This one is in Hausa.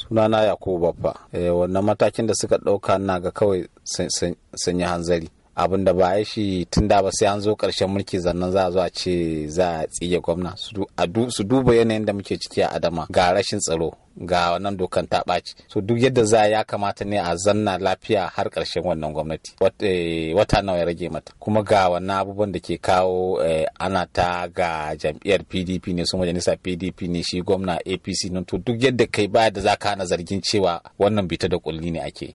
sunana yakubu babba eh, wannan matakin da suka ɗauka na ga kawai sanya hanzari abin da ba ya shi tun da ba sai an zo karshen mulki zannan za a zo a ce za a tsige gwamna su duba yanayin da muke ciki a adama ga rashin tsaro ga wannan dokan ta ɓaci so duk yadda za ya kamata ne a zanna lafiya har ƙarshen wannan gwamnati eh, wata nawa ya rage mata kuma ga wannan abubuwan da ke kawo eh, ana ta ga jam'iyyar pdp ne su majalisa pdp ne shi gwamna apc nan to duk yadda kai baya da za ka hana zargin cewa wannan bita da kulli ne ake